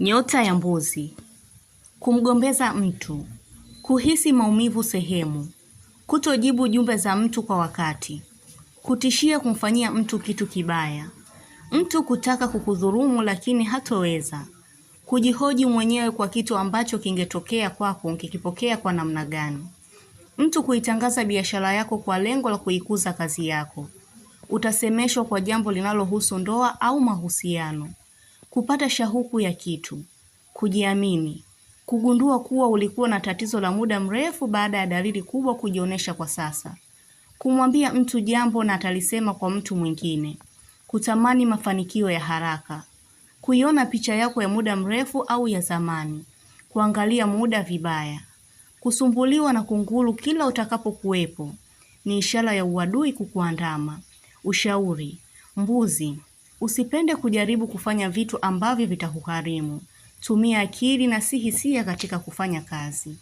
Nyota ya mbuzi: kumgombeza mtu, kuhisi maumivu sehemu, kutojibu jumbe za mtu kwa wakati, kutishia kumfanyia mtu kitu kibaya, mtu kutaka kukudhurumu lakini hatoweza, kujihoji mwenyewe kwa kitu ambacho kingetokea kwako ungekipokea kwa namna gani, mtu kuitangaza biashara yako kwa lengo la kuikuza kazi yako, utasemeshwa kwa jambo linalohusu ndoa au mahusiano kupata shauku ya kitu, kujiamini, kugundua kuwa ulikuwa na tatizo la muda mrefu baada ya dalili kubwa kujionyesha kwa sasa, kumwambia mtu jambo na atalisema kwa mtu mwingine, kutamani mafanikio ya haraka, kuiona picha yako ya muda mrefu au ya zamani, kuangalia muda vibaya, kusumbuliwa na kunguru kila utakapokuwepo, ni ishara ya uadui kukuandama. Ushauri: mbuzi, Usipende kujaribu kufanya vitu ambavyo vitakugharimu. Tumia akili na si hisia katika kufanya kazi.